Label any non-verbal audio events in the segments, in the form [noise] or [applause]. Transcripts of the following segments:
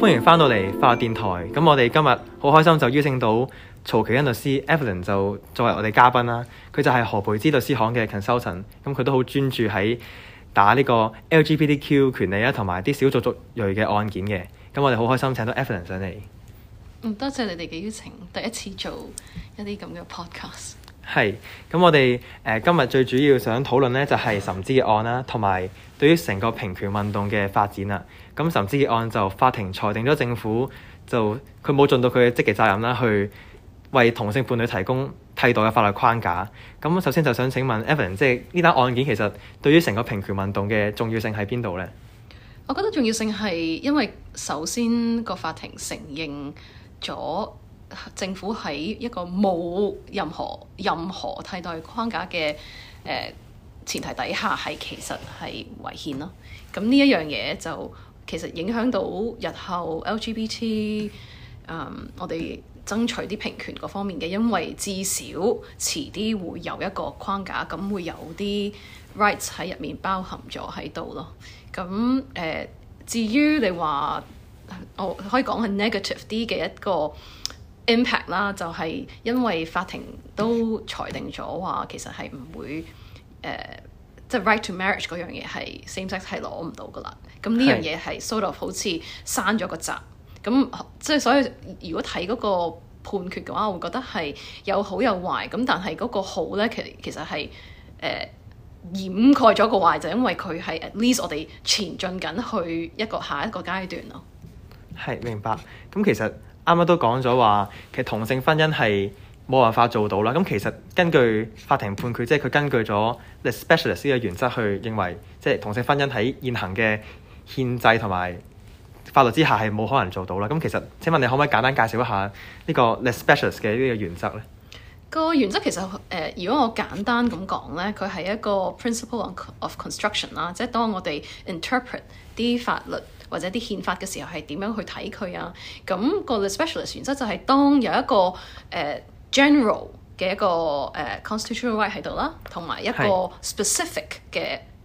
歡迎翻到嚟法律電台，咁我哋今日好開心就邀請到曹喬茵律師 Evelyn 就作為我哋嘉賓啦，佢就係何珮芝律師行嘅 consultant，咁佢都好專注喺打呢個 LGBTQ 權利啦，同埋啲少數族裔嘅案件嘅，咁我哋好開心請到 Evelyn 上嚟。多謝你哋嘅邀請，第一次做一啲咁嘅 podcast。係，咁我哋誒、呃、今日最主要想討論呢就係岑子杰嘅案啦，同埋對於成個平權運動嘅發展啦。咁岑子杰案就法庭裁定咗政府就佢冇盡到佢嘅積極責任啦，去為同性伴侶提供替代嘅法律框架。咁首先就想請問 Evan，即係呢單案件其實對於成個平權運動嘅重要性喺邊度咧？我覺得重要性係因為首先個法庭承認咗政府喺一個冇任何任何替代框架嘅誒、呃、前提底下，係其實係違憲咯。咁呢一樣嘢就其實影響到日後 LGBT、嗯、我哋爭取啲平權嗰方面嘅，因為至少遲啲會有一個框架，咁會有啲 rights 喺入面包含咗喺度咯。咁、嗯、誒、呃，至於你話，我可以講係 negative 啲嘅一個 impact 啦，就係、是、因為法庭都裁定咗話，其實係唔會誒，即、呃、係、就是、right to marriage 嗰樣嘢係 same sex 係攞唔到㗎喇。咁呢、嗯嗯、樣嘢係 sort of 好似刪咗個閘，咁即係所以如果睇嗰個判決嘅話，我會覺得係有好有壞。咁但係嗰個好咧，其實其實係誒、呃、掩蓋咗個壞，就因為佢係 at least 我哋前進緊去一個下一個階段咯。係，明白。咁其實啱啱都講咗話，其實同性婚姻係冇辦法做到啦。咁其實根據法庭判決，即係佢根據咗 specialist 嘅原則去認為，即係同性婚姻喺現行嘅。憲制同埋法律之下係冇可能做到啦。咁其實請問你可唔可以簡單介紹一下呢個 specialist 呢個 s p e c i a l i s t 嘅呢個原則呢？個原則其實誒、呃，如果我簡單咁講呢，佢係一個 principle of construction 啦，即係當我哋 interpret 啲法律或者啲憲法嘅時候係點樣去睇佢啊？咁、那個 s p e c i a l i s t 原則就係當有一個誒、呃、general 嘅一個誒、呃、constitutional right 喺度啦，同埋一個 specific 嘅。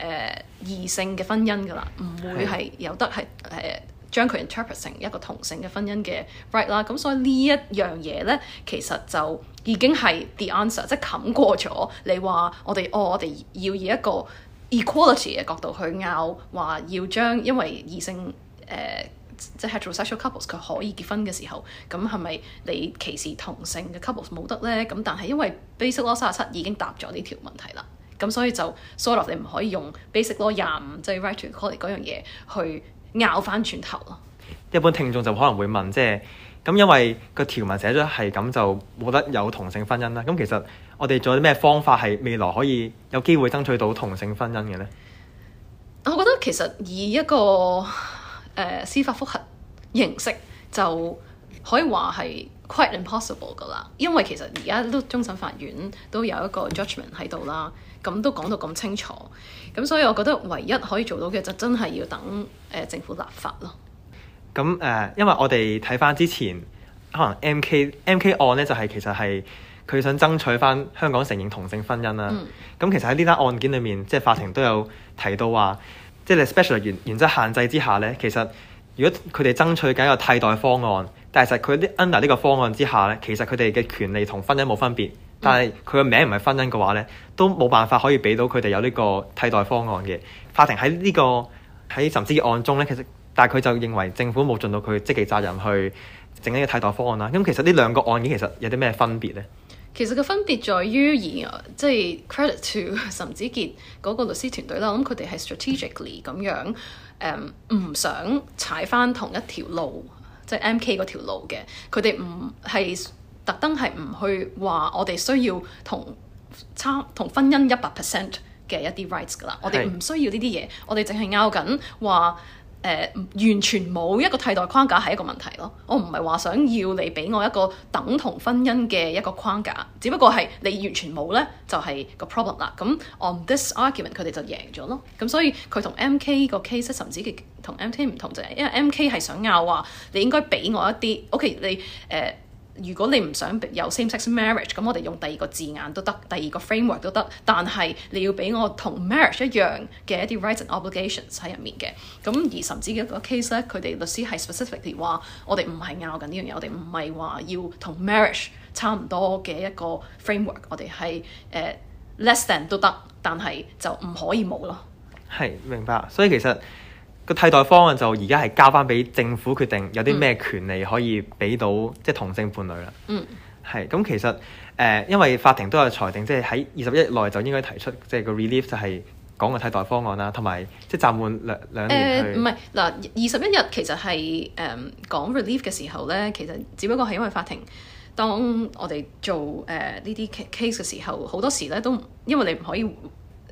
誒、uh, 異性嘅婚姻㗎啦，唔會係有得係誒、uh, 將佢 interpret 成一個同性嘅婚姻嘅 right 啦。咁所以一呢一樣嘢咧，其實就已經係 the answer，即係冚過咗你話我哋哦，我哋要以一個 equality 嘅角度去拗話，要將因為異性誒、uh, 即係 heterosexual couples 佢可以結婚嘅時候，咁係咪你歧視同性嘅 couples 冇得咧？咁但係因為 Basic Law 三十七已經答咗呢條問題啦。咁所以就 sorry，of, 你唔可以用 basic law 廿五，即係 right to call 嗰樣嘢去拗翻轉頭咯。一般聽眾就可能會問，即係咁，因為個條文寫咗係咁，就冇得有同性婚姻啦。咁其實我哋仲有啲咩方法係未來可以有機會爭取到同性婚姻嘅咧？我覺得其實以一個誒、呃、司法複核形式就可以話係 quite impossible 噶啦，因為其實而家都終審法院都有一個 judgment 喺度啦。咁都講到咁清楚，咁所以我覺得唯一可以做到嘅就真係要等誒、呃、政府立法咯。咁誒、呃，因為我哋睇翻之前可能 M K M K 案呢就係、是，其實係佢想爭取翻香港承認同性婚姻啦。咁、嗯、其實喺呢單案件裏面，即係法庭都有提到話，即係 special 原原則限制之下呢，其實如果佢哋爭取緊一個替代方案，但係其實佢啲 under 呢個方案之下呢，其實佢哋嘅權利同婚姻冇分別。但係佢個名唔係婚姻嘅話咧，都冇辦法可以俾到佢哋有呢個替代方案嘅。法庭喺呢、這個喺岑子杰案中咧，其實但係佢就認為政府冇盡到佢積極責任去整一個替代方案啦。咁、嗯、其實呢兩個案件其實有啲咩分別咧？其實個分別在於而即係、就是、credit to 岑子杰嗰個律師團隊啦，咁佢哋係 strategically 咁樣誒唔、um, 想踩翻同一條路，即、就、係、是、MK 嗰條路嘅。佢哋唔係。特登係唔去話我哋需要同差同婚姻100一百 percent 嘅一啲 rights 噶啦是，我哋唔需要呢啲嘢，我哋淨係拗緊話誒，完全冇一個替代框架係一個問題咯。我唔係話想要你俾我一個等同婚姻嘅一個框架，只不過係你完全冇呢就係、是、個 problem 啦。咁 on this argument 佢哋就贏咗咯。咁所以佢同 M K 個 case 甚至 MK 同 M T 唔同就係因為 M K 係想拗話你應該俾我一啲 OK 你誒。呃如果你唔想有 same sex marriage，咁我哋用第二個字眼都得，第二個 framework 都得。但係你要俾我同 marriage 一樣嘅一啲 rights and obligations 喺入面嘅。咁而甚至一個 case 咧，佢哋律師係 specifically 話我哋唔係拗緊呢樣嘢，我哋唔係話要同 marriage 差唔多嘅一個 framework，我哋係誒 less than 都得，但係就唔可以冇咯。係，明白。所以其實。個替代方案就而家係交翻俾政府決定，有啲咩權利可以俾到、嗯、即係同性伴侶啦。嗯，係咁其實誒、呃，因為法庭都有裁定，即係喺二十一日內就應該提出即係個 relief，就係講個替代方案啦，同埋即係暫緩兩兩年去。誒唔係嗱，二十一日其實係誒、呃、講 relief 嘅時候咧，其實只不過係因為法庭當我哋做誒呢啲 case 嘅時候，好多時咧都唔、因為你唔可以。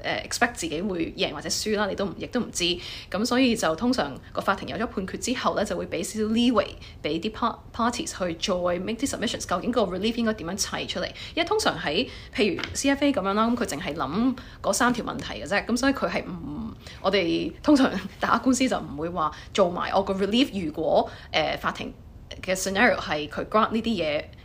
誒 expect 自己會贏或者輸啦，你都唔亦都唔知，咁所以就通常個法庭有咗判決之後咧，就會俾少少 leeway 俾啲 part parties 去再 make 啲 submissions，究竟個 relief 應該點樣砌出嚟？因為通常喺譬如 CFA 咁樣啦，咁佢淨係諗嗰三條問題嘅啫，咁所以佢係唔我哋通常打官司就唔會話做埋我個 relief。如果誒、呃、法庭嘅 scenario 係佢 grant 呢啲嘢。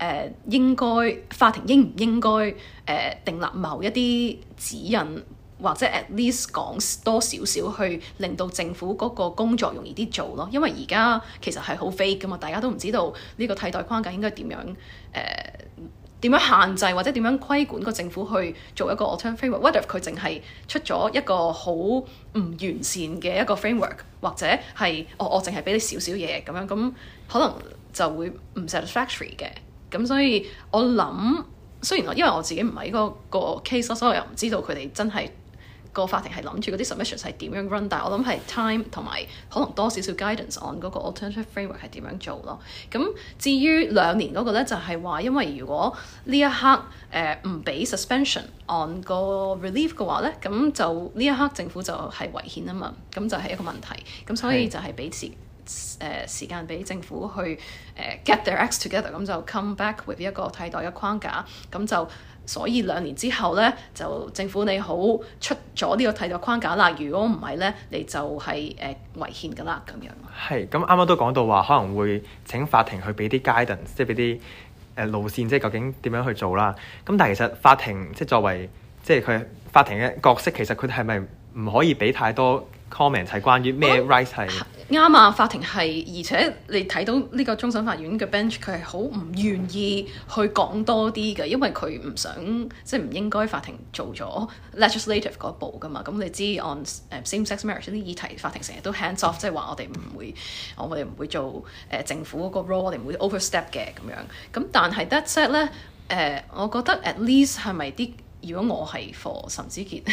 誒、呃、應該法庭應唔應該誒、呃、訂立某一啲指引，或者 at least 講多少少去令到政府嗰個工作容易啲做咯。因為而家其實係好 fake 噶嘛，大家都唔知道呢個替代框架應該點樣誒點、呃、樣限制或者點樣規管個政府去做一個 alternative framework。What if 佢淨係出咗一個好唔完善嘅一個 framework，或者係、哦、我我淨係俾你少少嘢咁樣，咁可能就會唔 satisfactory 嘅。咁所以我，我諗雖然我因為我自己唔喺嗰個 case，、那個、所以我又唔知道佢哋真係個法庭係諗住嗰啲 submission 係點樣 run，但係我諗係 time 同埋可能多少少 guidance on 嗰個 alternative framework 係點樣做咯。咁至於兩年嗰個咧，就係、是、話因為如果呢一刻誒唔俾 suspension on 個 relief 嘅話咧，咁就呢一刻政府就係危險啊嘛，咁就係一個問題。咁所以就係彼此。誒時間俾政府去誒 get their acts together，咁就 come back with 一個替代嘅框架，咁就所以兩年之後咧，就政府你好出咗呢個替代框架啦。如果唔係咧，你就係、是、誒、呃、違憲㗎啦，咁樣。係，咁啱啱都講到話可能會請法庭去俾啲 guidance，即係俾啲誒路線，即係究竟點樣去做啦。咁但係其實法庭即係作為即係佢法庭嘅角色，其實佢係咪唔可以俾太多？Comment 係關於咩 rights 係啱啊！法庭係，而且你睇到呢個終審法院嘅 bench，佢係好唔願意去講多啲嘅，因為佢唔想即係唔應該法庭做咗 legislative 嗰步噶嘛。咁、嗯、你知 on 誒、uh, same sex marriage 啲議題，法庭成日都 hands off，即係話我哋唔會，我哋唔會做誒、呃、政府嗰個 role，我哋唔會 overstep 嘅咁樣。咁、嗯、但係 that said 咧，誒、呃、我覺得 at least 係咪啲？如果我係 for 岑子杰。 [laughs]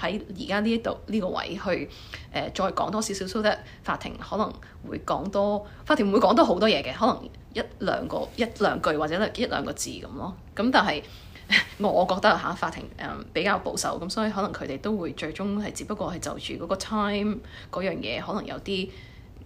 喺而家呢一度呢個位去誒、呃、再講多少少，所以法庭可能會講多法庭會講多好多嘢嘅，可能一兩個一兩句或者一兩個字咁咯。咁但係我，我覺得嚇法庭誒、呃、比較保守，咁、嗯、所以可能佢哋都會最終係只不過係就住嗰個 time 嗰樣嘢，可能有啲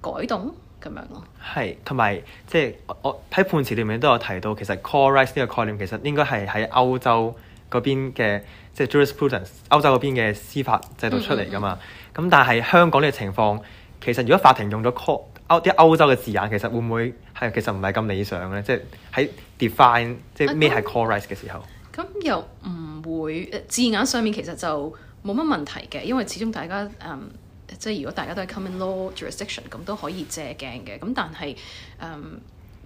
改動咁樣咯。係同埋即係我喺判詞裏面都有提到，其實 core rights 呢個概念其實應該係喺歐洲嗰邊嘅。即係 Jurisprudence 歐洲嗰邊嘅司法制度出嚟噶嘛，咁、嗯嗯嗯、但係香港呢個情況，其實如果法庭用咗歐啲歐洲嘅字眼其會會，其實會唔會係其實唔係咁理想咧？即、就、係、是、喺 define 即係咩係 core rights 嘅、啊、時候，咁又唔會字眼上面其實就冇乜問題嘅，因為始終大家誒、嗯、即係如果大家都係 common law jurisdiction 咁都可以借鏡嘅，咁但係誒。嗯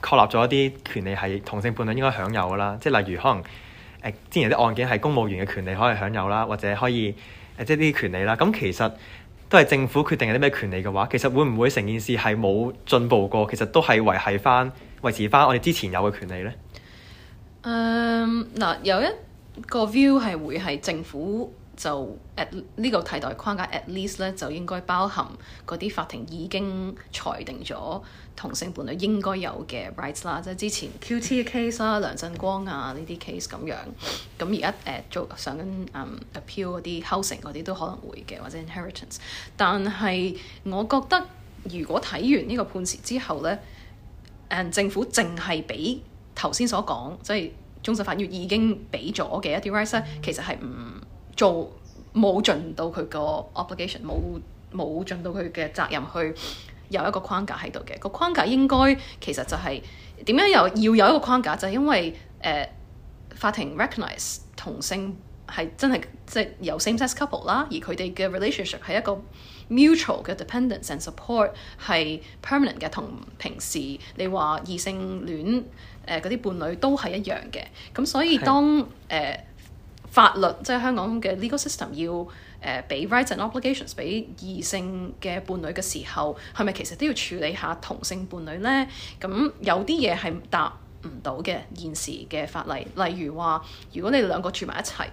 確立咗一啲權利係同性伴侶應該享有噶啦，即係例如可能誒、呃、之前有啲案件係公務員嘅權利可以享有啦，或者可以誒即係呢啲權利啦。咁其實都係政府決定有啲咩權利嘅話，其實會唔會成件事係冇進步過？其實都係維係翻維持翻我哋之前有嘅權利呢。嗯、um，嗱有一個 view 係會係政府就 at 呢個替代框架 at least 咧，就應該包含嗰啲法庭已經裁定咗。同性伴侶應該有嘅 rights 啦，即係之前 Q.T 嘅 case 啦、梁振光啊呢啲 case 咁樣，咁而家誒做上緊、um, appeal 嗰啲 housing 嗰啲都可能會嘅，或者 inheritance。但係我覺得如果睇完呢個判詞之後咧，誒政府淨係俾頭先所講，即係終審法院已經俾咗嘅一啲 rights 咧，其實係唔做冇盡到佢個 obligation，冇冇盡到佢嘅責任去。有一個框架喺度嘅，個框架應該其實就係點樣有要有一個框架，就係、是、因為誒、呃、法庭 recognize 同性係真係即係有 same sex couple 啦，而佢哋嘅 relationship 係一個 mutual 嘅 dependence and support 係 permanent 嘅，同平時你話異性戀誒嗰啲伴侶都係一樣嘅。咁所以當誒是、呃、法律即係、就是、香港嘅 legal system 要誒俾、呃、rights and obligations 俾異性嘅伴侶嘅時候，係咪其實都要處理下同性伴侶呢？咁有啲嘢係答唔到嘅。現時嘅法例，例如話如果你哋兩個住埋一齊，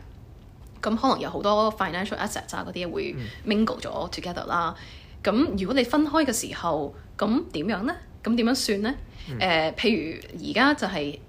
咁可能有好多 financial assets 嗰啲嘢會 mingle 咗 together 啦。咁、mm. 如果你分開嘅時候，咁點樣呢？咁點樣算呢？誒、mm. 呃，譬如而家就係、是。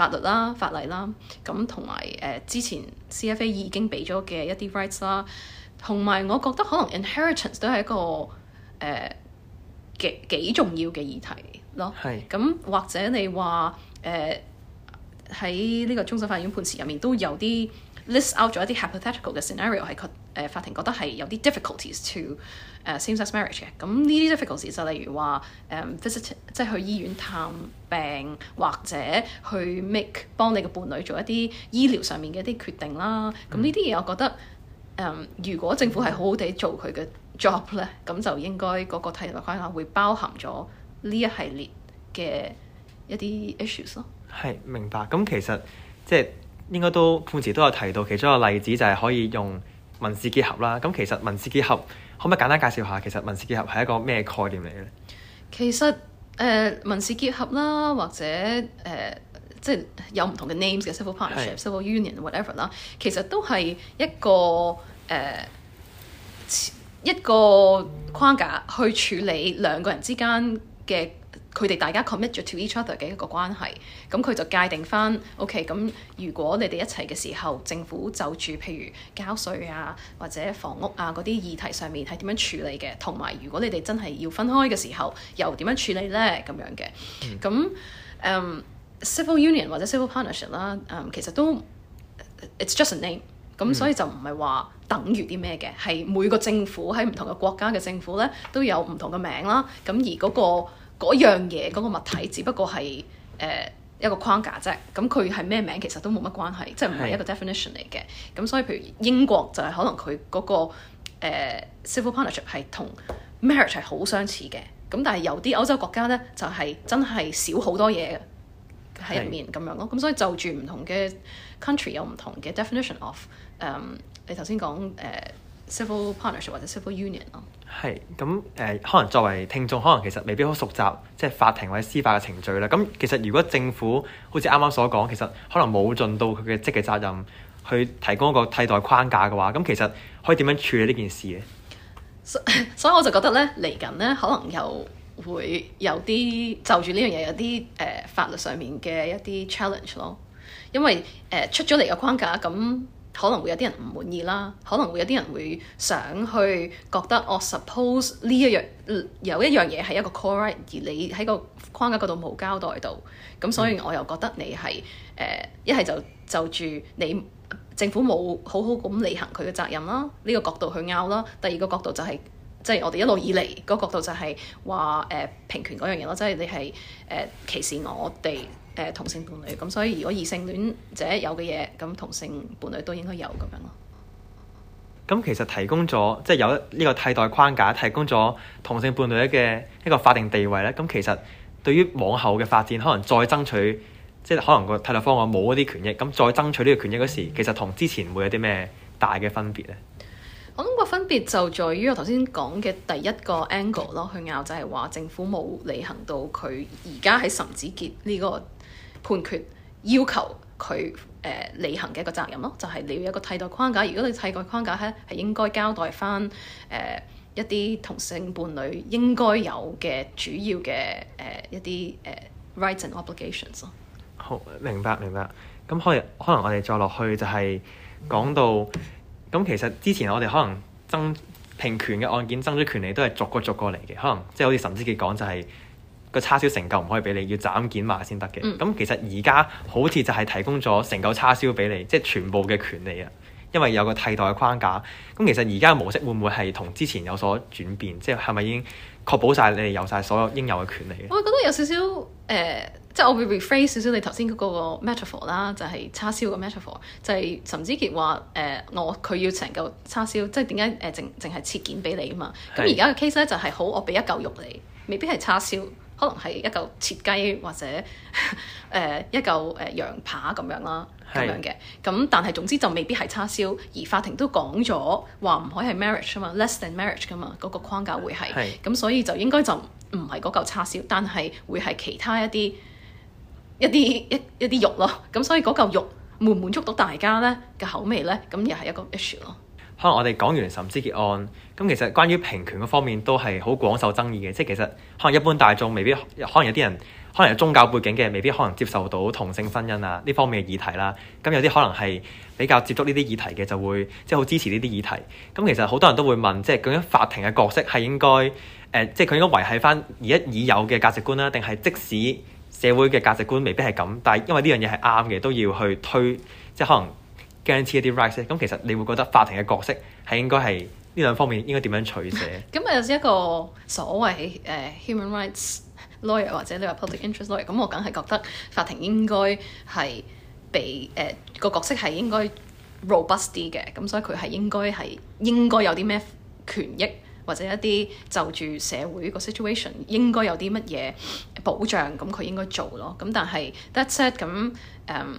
法律啦、法例啦，咁同埋誒之前 CFA 已經俾咗嘅一啲 rights 啦，同埋我覺得可能 inheritance 都係一個誒、呃、幾幾重要嘅議題咯。係是。咁、嗯、或者你話誒喺呢個終審法院判詞入面都有啲 list out 咗一啲 hypothetical 嘅 scenario 係。誒法庭覺得係有啲 difficulties to 誒、uh, same-sex marriage 嘅，咁呢啲 difficulties 就例如話誒、um, visit 即係去醫院探病或者去 make 幫你嘅伴侶做一啲醫療上面嘅一啲決定啦。咁呢啲嘢我覺得誒，um, 如果政府係好好地做佢嘅 job 咧，咁就應該嗰個替代框架會包含咗呢一系列嘅一啲 issues 咯。係，明白。咁其實即係應該都判詞都有提到其中一個例子，就係可以用。民事結合啦，咁其實民事結合可唔可以簡單介紹下？其實民事結合係一個咩概念嚟嘅咧？其實誒、呃、民事結合啦，或者誒、呃、即係有唔同嘅 names 嘅 [noise] civil partnership、 [noise] civil union whatever 啦，其實都係一個誒、呃、一個框架去處理兩個人之間嘅。佢哋大家 commit 咗 to each other 嘅一個關係，咁佢就界定翻，OK，咁如果你哋一齊嘅時候，政府就住譬如交稅啊或者房屋啊嗰啲議題上面係點樣處理嘅，同埋如果你哋真係要分開嘅時候，又點樣處理咧咁樣嘅，咁嗯、mm. um, civil union 或者 civil partnership 啦、um，其實都 it's just a name，咁、mm. 所以就唔係話等於啲咩嘅，係每個政府喺唔同嘅國家嘅政府咧都有唔同嘅名啦，咁而嗰個。嗰樣嘢嗰、嗰個物體，只不過係誒、呃、一個框架啫。咁佢係咩名，其實都冇乜關係，即係唔係一個 definition 嚟嘅。咁是所以，譬如英國就係可能佢嗰、嗰個、呃、civil partnership 係同 marriage 係好相似嘅。咁但係有啲歐洲國家呢，就係、是、真係少好多嘢嘅喺入面咁樣咯。咁是所以就住唔同嘅 country 有唔同嘅 definition of 誒、呃，你頭先講誒。呃 civil partnership 或者 civil union 咯，係咁誒，可能作為聽眾，可能其實未必好熟習，即係法庭或者司法嘅程序啦。咁其實如果政府好似啱啱所講，其實可能冇盡到佢嘅積極責任，去提供一個替代框架嘅話，咁其實可以點樣處理呢件事嘅？So, 所以我就覺得呢，嚟緊呢，可能又會有啲就住呢樣嘢有啲誒、呃、法律上面嘅一啲 challenge 咯，因為誒、呃、出咗嚟嘅框架咁。可能會有啲人唔滿意啦，可能會有啲人會想去覺得，我 suppose 呢一樣、呃、有一樣嘢係一個 core right 而你喺個框架嗰度冇交代到，咁所以我又覺得你係誒一係就就住你政府冇好好咁履行佢嘅責任啦，呢、這個角度去拗啦；第二個角度就係、是、即係我哋一路以嚟嗰個角度就係話誒平權嗰樣嘢咯，即係你係誒、呃、歧視我哋。誒同性伴侶咁，所以如果異性戀者有嘅嘢，咁同性伴侶都應該有咁樣咯。咁其實提供咗即係有呢個替代框架，提供咗同性伴侶嘅一個法定地位咧。咁其實對於往後嘅發展，可能再爭取即係、就是、可能個替代方案冇嗰啲權益，咁再爭取呢個權益嗰時，嗯、其實同之前會有啲咩大嘅分別咧？我諗個分別就在於我頭先講嘅第一個 angle 咯，去拗就係話政府冇履行到佢而家喺岑子杰呢、這個。判決要求佢誒履行嘅一個責任咯，就係、是、你要有一個替代框架。如果你替代框架咧，係應該交代翻誒、呃、一啲同性伴侶應該有嘅主要嘅誒、呃、一啲誒、呃、rights and obligations 咯、啊。好，明白，明白。咁可以，可能我哋再落去就係講到，咁、嗯、其實之前我哋可能爭平權嘅案件爭取權利都係逐個逐個嚟嘅，可能即係好似岑子杰講就係、是。個叉燒成嚿唔可以俾你，要斬件買先得嘅。咁、嗯、其實而家好似就係提供咗成嚿叉燒俾你，即、就、係、是、全部嘅權利啊。因為有個替代嘅框架。咁其實而家嘅模式會唔會係同之前有所轉變？即係係咪已經確保晒你哋有晒所有應有嘅權利嘅？我覺得有少少誒、呃，即係我會 reframe 少少你頭先嗰個 metaphor 啦，就係叉燒嘅 metaphor，就係岑子杰話誒、呃、我佢要成嚿叉燒，即係點解誒淨淨係切件俾你啊嘛？咁而家嘅 case 咧就係、是、好，我俾一嚿肉你，未必係叉燒。可能係一嚿切雞或者誒、 [laughs] 呃、一嚿誒、呃、羊扒咁樣啦，咁是樣嘅咁，但係總之就未必係叉燒。而法庭都講咗話唔可以係 marriage 啊嘛 [laughs] ，less than marriage 噶嘛，嗰、嗰個框架會係咁，是所以就應該就唔係嗰嚿叉燒，但係會係其他一啲一啲一一啲肉咯。咁所以嗰嚿肉滿唔滿足到大家咧嘅口味咧，咁又係一個 issue 咯。可能我哋講完岑子杰案，咁其實關於平權嗰方面都係好廣受爭議嘅，即係其實可能一般大眾未必，可能有啲人可能有宗教背景嘅未必可能接受到同性婚姻啊呢方面嘅議題啦。咁有啲可能係比較接觸呢啲議題嘅就會即係好支持呢啲議題。咁其實好多人都會問，即係究竟法庭嘅角色係應該誒、呃，即係佢應該維係翻而家已有嘅價值觀啦，定係即使社會嘅價值觀未必係咁，但係因為呢樣嘢係啱嘅，都要去推即係可能。Guarantee the rights 咁其實你會覺得法庭嘅角色係應該係呢兩方面應該點樣取捨？咁誒 [laughs] 一個所謂誒、uh, human rights lawyer 或者你話 public interest lawyer，咁我梗係覺得法庭應該係畀誒、uh, 個角色係應該 robust 啲嘅，咁所以佢係應該係應該有啲咩權益或者一啲就住社會個 situation 應該有啲乜嘢保障，咁佢應該做咯。咁但係 that said 咁誒。Um,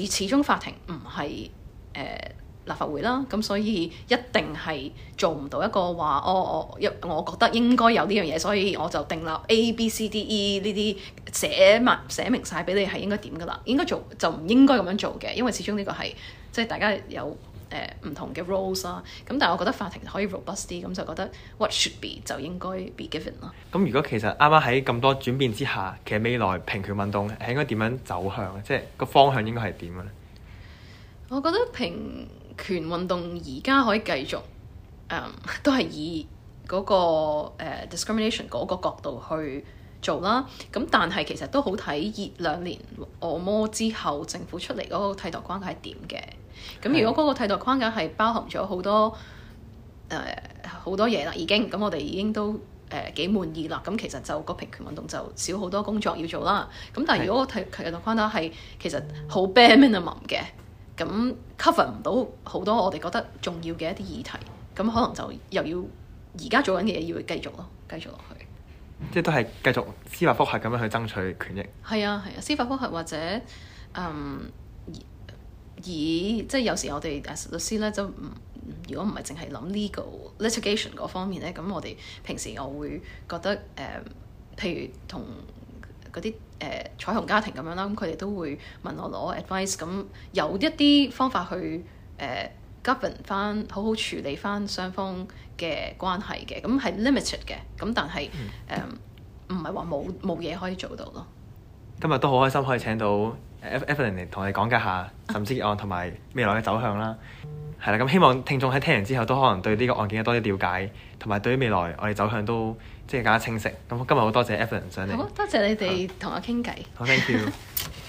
始始終法庭唔係、呃、立法會啦，咁所以一定係做唔到一個話、哦，我我一我覺得應該有呢樣嘢，所以我就訂立 A B C D E 呢啲寫埋寫明晒俾你係應該點㗎喇，應該做就唔應該咁樣做嘅，因為始終呢個係即係大家有。誒唔、呃、同嘅 roles 啦、啊，咁但係我覺得法庭可以 robust 啲，咁、嗯、就覺得 what should be 就應該 be given 咯。咁、嗯、如果其實啱啱喺咁多轉變之下，其實未來平權運動係應該點樣走向？即係個方向應該係點嘅咧？我覺得平權運動而家可以繼續，嗯、都係以嗰、那個、呃、discrimination 嗰個角度去做啦。咁、嗯、但係其實都好睇，熱兩年惡魔之後政府出嚟嗰個替代關係係點嘅。咁、嗯、如果嗰個替代框架係包含咗好多誒好、呃、多嘢啦，已經咁、嗯、我哋已經都誒、呃、幾滿意啦。咁、嗯、其實就個平權運動就少好多工作要做啦。咁、嗯、但係如果替替代框架係、嗯嗯、其實好 bare minimum 嘅，咁 cover 唔到好多我哋覺得重要嘅一啲議題，咁、嗯、可能就又要而家做緊嘅嘢要繼續咯，繼續落去。即係都係繼續司法覆核咁樣去爭取權益。係、嗯、啊係啊，啊，司法覆核或者嗯。而即係有時我哋 as 律師咧，就唔如果唔係淨係諗 legal litigation 嗰方面咧，咁我哋平時我會覺得誒、呃、譬如同嗰啲誒彩虹家庭咁樣啦，咁佢哋都會問我攞 advice，咁有一啲方法去誒、呃、govern 翻，好好處理翻雙方嘅關係嘅，咁係 limited 嘅，咁但係誒唔係話冇冇嘢可以做到咯。今日都好開心可以請到。Evelyn 嚟同我哋講解下岑子杰案同埋未來嘅走向啦，係啦，咁 [music] 希望聽眾喺聽完之後都可能對呢個案件有多啲了解，同埋對於未來我哋走向都即係更加清晰。咁今日好多謝 Evelyn 上嚟，好多謝你哋同我傾偈。 [music] 好，thank you。 [laughs]